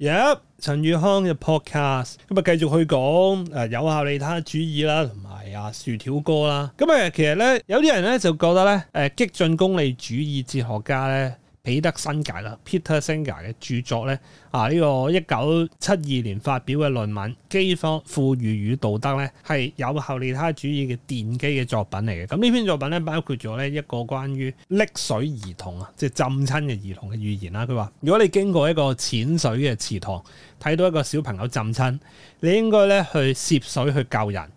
入、yep，陳宇康嘅 podcast，咁啊繼續去講誒、呃、有效利他主義啦，同埋阿薯條哥啦。咁啊，其實咧有啲人咧就覺得咧，誒、呃、激進功利主義哲學家咧。彼得辛格啦，Peter Singer 嘅著作咧，啊呢、這個一九七二年發表嘅論文《飢荒富裕與道德》咧，係有效利他主義嘅奠基嘅作品嚟嘅。咁、嗯、呢篇作品咧，包括咗咧一個關於溺水兒童啊，即係浸親嘅兒童嘅預言啦。佢話：如果你經過一個淺水嘅池塘，睇到一個小朋友浸親，你應該咧去涉水去救人。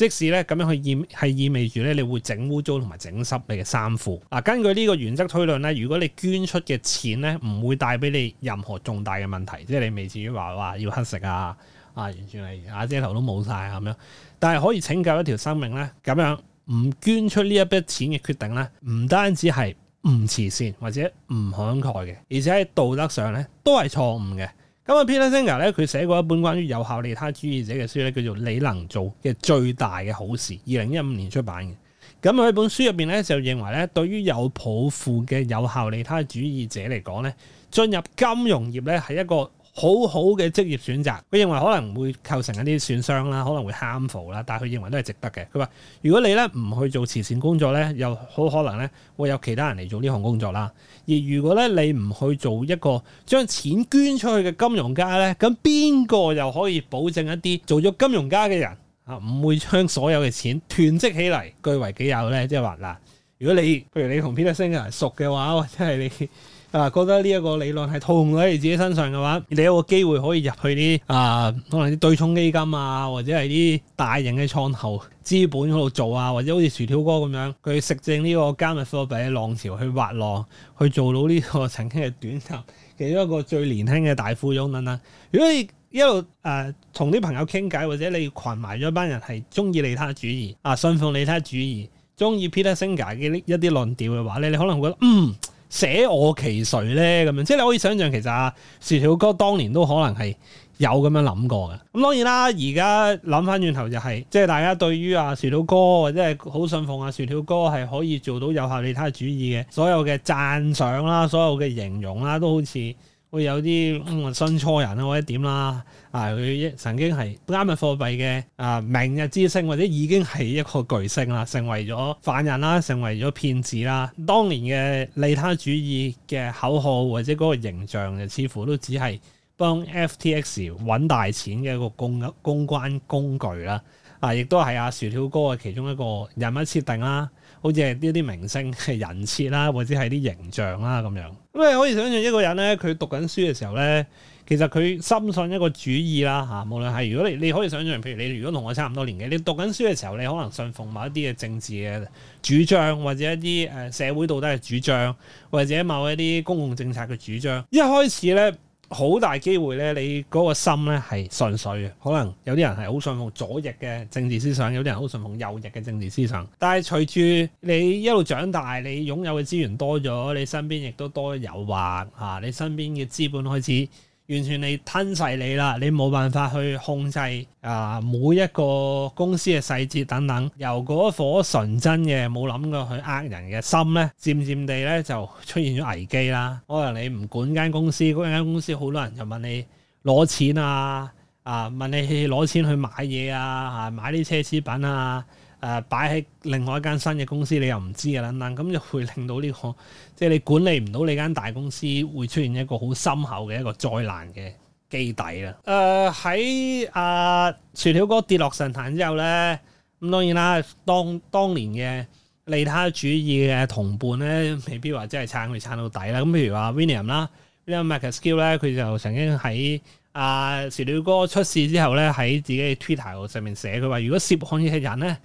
即使咧咁樣，去意係意味住咧，你會整污糟同埋整濕你嘅衫褲。嗱，啊，根據呢個原則推論咧，如果你捐出嘅錢咧唔會帶俾你任何重大嘅問題，即係你未至於話話要乞食啊啊，完全係阿姐頭都冇晒。咁樣。但係可以拯救一條生命咧，咁樣唔捐出呢一筆錢嘅決定咧，唔單止係唔慈善或者唔慷慨嘅，而且喺道德上咧都係錯誤嘅。咁啊，Peter Singer 咧，佢寫過一本關於有效利他主義者嘅書咧，叫做《你能做嘅最大嘅好事》，二零一五年出版嘅。咁佢本書入邊咧，就認為咧，對於有抱負嘅有效利他主義者嚟講咧，進入金融業咧係一個好好嘅職業選擇，佢認為可能會構成一啲損傷啦，可能會貪腐啦，但係佢認為都係值得嘅。佢話如果你咧唔去做慈善工作咧，又好可能咧會有其他人嚟做呢項工作啦。而如果咧你唔去做一個將錢捐出去嘅金融家咧，咁邊個又可以保證一啲做咗金融家嘅人啊唔會將所有嘅錢囤積起嚟據為己有咧？即係話嗱，如果你譬如你同彼得辛格熟嘅話，或者係你。啊，覺得呢一個理論係套用喺你自己身上嘅話，你有個機會可以入去啲啊、呃，可能啲對沖基金啊，或者係啲大型嘅創投資本嗰度做啊，或者好似薯條哥咁樣，佢食正呢個加密貨幣浪潮去滑浪，去做到呢個曾經嘅短頭，其中一個最年輕嘅大富翁等等。如果你一路誒同啲朋友傾偈，或者你群埋咗班人係中意利他主義、啊信奉利他主義、中意 Peter Singer 嘅一啲論調嘅話咧，你可能會覺得嗯。捨我其誰呢？咁樣，即係你可以想像，其實啊，薯條哥當年都可能係有咁樣諗過嘅。咁當然啦，而家諗返轉頭就係、是，即係大家對於啊薯條哥或者係好信奉啊薯條哥係可以做到有效利他主義嘅，所有嘅讚賞啦，所有嘅形容啦，都好似。會有啲、嗯、信錯人或者點啦，啊佢曾經係加密貨幣嘅啊明日之星，或者已經係一個巨星啦，成為咗犯人啦，成為咗騙子啦。當年嘅利他主義嘅口號或者嗰個形象，就似乎都只係幫 FTX 揾大錢嘅一個公公關工具啦。啊，亦都係阿薯條哥嘅其中一個人物設定啦、啊，好似係啲啲明星嘅人設啦、啊，或者係啲形象啦咁、啊、樣。咁、嗯、你可以想象一個人咧，佢讀緊書嘅時候咧，其實佢深信一個主義啦嚇，無論係如果你你可以想象，譬如你如果同我差唔多年紀，你讀緊書嘅時候，你可能信奉某一啲嘅政治嘅主張，或者一啲誒社會道德嘅主張，或者某一啲公共政策嘅主張。一開始咧。好大機會咧，你嗰個心咧係純粹嘅，可能有啲人係好信奉左翼嘅政治思想，有啲人好信奉右翼嘅政治思想。但係隨住你一路長大，你擁有嘅資源多咗，你身邊亦都多誘惑嚇，你身邊嘅資本開始，完全吞你吞噬你啦，你冇辦法去控制啊每一個公司嘅細節等等，由嗰一顆純真嘅冇諗過去呃人嘅心咧，漸漸地咧就出現咗危機啦。可能你唔管間公司，嗰間公司好多人就問你攞錢啊，啊問你去攞錢去買嘢啊，啊買啲奢侈品啊。誒擺喺另外一間新嘅公司，你又唔知㗎啦，咁就會令到呢個即係你管理唔到你間大公司，會出現一個好深厚嘅一個災難嘅基底啦。誒喺阿薯條哥跌落神壇之後咧，咁當然啦，當當年嘅利他主義嘅同伴咧，未必話真係撐佢撐到底啦。咁譬如話 William 啦，William MacAskill 咧，佢就曾經喺阿薯條哥出事之後咧，喺自己 Twitter 上面寫佢話：如果涉案呢啲人咧，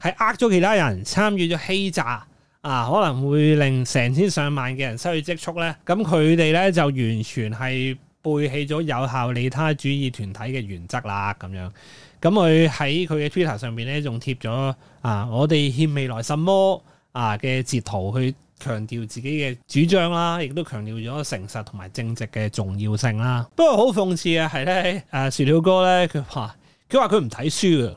係呃咗其他人，參與咗欺詐啊，可能會令成千上萬嘅人失去積蓄咧。咁佢哋咧就完全係背棄咗有效利他主義團體嘅原則啦。咁樣，咁佢喺佢嘅 Twitter 上面咧，仲貼咗啊，我哋欠未來什麼啊嘅截圖，去強調自己嘅主張啦，亦、啊、都強調咗誠實同埋正直嘅重要性啦。不過好諷刺嘅係咧，啊，薯條哥咧，佢話佢話佢唔睇書嘅。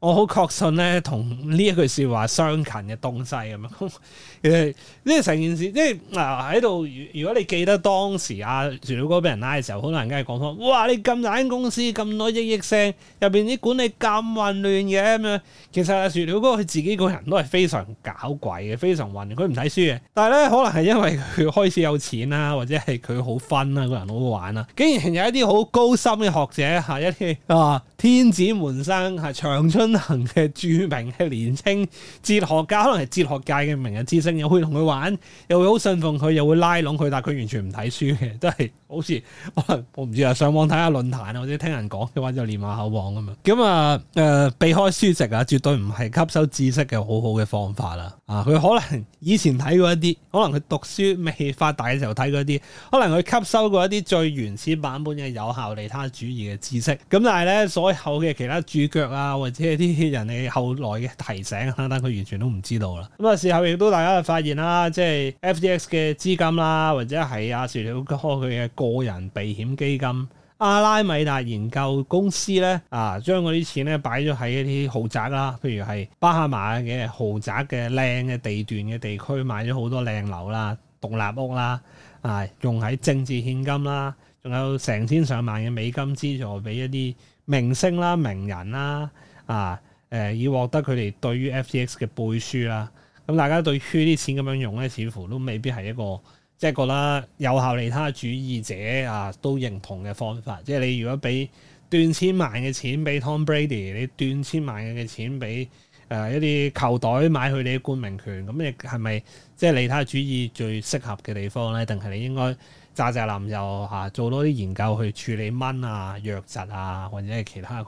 我好確信咧，同呢一句説話相近嘅東西咁樣！ 其實呢成件事，即係嗱喺度。如果你記得當時阿、啊、薯條哥俾人拉嘅時候，好多人梗係講話：哇！你咁大間公司咁多億億聲入邊，啲管理咁混亂嘅咁樣。其實阿、啊、薯條哥佢自己個人都係非常搞鬼嘅，非常混亂。佢唔睇書嘅，但係咧可能係因為佢開始有錢啦、啊，或者係佢好分啦、啊，個人好好玩啦、啊。竟然有一啲好高深嘅學者嚇、啊，一啲啊天子門生嚇、啊、長春。能嘅著名嘅年青哲學家，可能係哲學界嘅明日之星，又會同佢玩，又會好信奉佢，又會拉攏佢，但係佢完全唔睇書嘅，都係。好似可能我唔知啊，上網睇下論壇啊，或者聽人講嘅話就連馬口網咁樣。咁啊誒，避開書籍啊，絕對唔係吸收知識嘅好好嘅方法啦。啊，佢可能以前睇過一啲，可能佢讀書未發達嘅時候睇過一啲，可能佢吸收過一啲最原始版本嘅有效利他主義嘅知識。咁但係咧，所有嘅其他主角啊，或者係啲人哋後來嘅提醒、啊、等等，佢完全都唔知道啦。咁啊，事後亦都大家就發現啦，即係 FDX 嘅資金啦、啊，或者係阿視離開佢嘅。個人避險基金阿拉米達研究公司咧，啊，將嗰啲錢咧擺咗喺一啲豪宅啦，譬如係巴哈馬嘅豪宅嘅靚嘅地段嘅地區買咗好多靚樓啦、獨立屋啦，啊，用喺政治獻金啦，仲有成千上萬嘅美金資助俾一啲明星啦、名人啦，啊，誒、呃，以獲得佢哋對於 FTX 嘅背書啦，咁大家對於啲錢咁樣用咧，似乎都未必係一個。即係覺得有效利他主義者啊，都認同嘅方法。即係你如果俾斷千萬嘅錢俾 Tom Brady，你斷千萬嘅錢俾誒、啊、一啲球隊買去你啲冠名權，咁你係咪即係利他主義最適合嘅地方咧？定係你應該炸炸林又嚇做多啲研究去處理蚊啊、瘧疾啊，或者係其他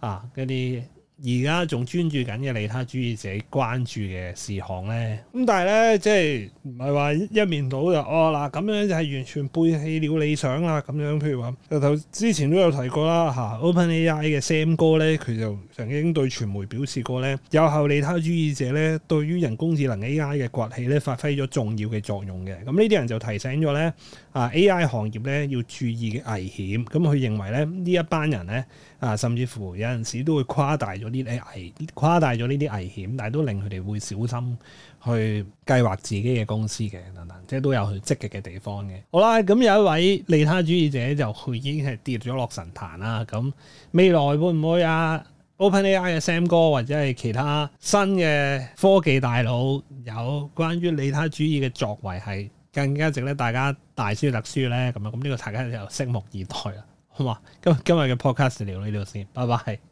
啊一啲？而家仲專注緊嘅利他主義者關注嘅事項咧，咁但係咧，即係唔係話一面倒就哦嗱，咁樣就係完全背棄了理想啊！咁樣，譬如話頭之前都有提過啦，嚇 OpenAI 嘅 Sam 哥咧，佢就曾經對傳媒表示過咧，有效利他主義者咧，對於人工智能 AI 嘅崛起咧，發揮咗重要嘅作用嘅。咁呢啲人就提醒咗咧，啊 AI 行業咧要注意嘅危險。咁佢認為咧，呢一班人咧。啊，甚至乎有陣時都會誇大咗呢啲危，誇大咗呢啲危險，但係都令佢哋會小心去計劃自己嘅公司嘅，等等，即係都有佢積極嘅地方嘅。好啦，咁有一位利他主義者就佢已經係跌咗落神壇啦。咁未來會唔會啊 OpenAI 嘅 Sam 哥或者係其他新嘅科技大佬有關於利他主義嘅作為係更加值得大家大書特書咧咁樣，咁呢個大家就拭目以待啦。好嘛，今今日嘅 podcast 聊到呢度先，拜拜。